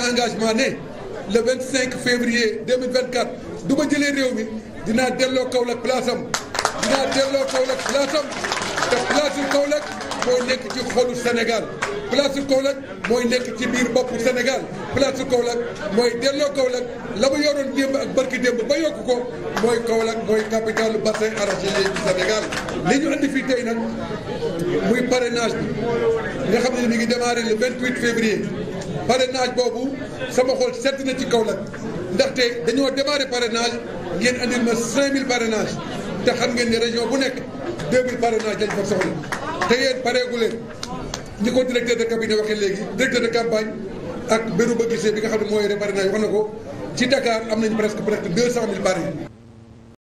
engagement ne le de février 2024 du ma jëlee réew mi dinaa delloo Kaolack place am dinaa delloo Kaolack place am te place su Kaolack mooy nekk ci xolu Sénégal place su mooy nekk ci biir boppu Sénégal place su Kaolack mooy delloo Kaolack la mu yoroon démb ak barki démb ba yokku ko mooy Kaolack mooy capitale bassin arachidier du Sénégal. li ñu andi fii tey nag muy parrainage bi nga xam ne mi ngi démarré le 28 février. parrainage boobu sama xol sedd na ci kaw Kaolack ndaxte dañoo démarré parrainage ngeen andil ma 5000 parrainage te xam ngeen ne région bu nekk 2000 parrainage dañ fa soxla te yéen pareegu leen ñi ko directeur de cabinet waxee léegi directeur de campagne ak béru ba gisee bi nga xam ne mooy parrainage wax na ko ci Dakar am nañ presque presque 200000 parrain.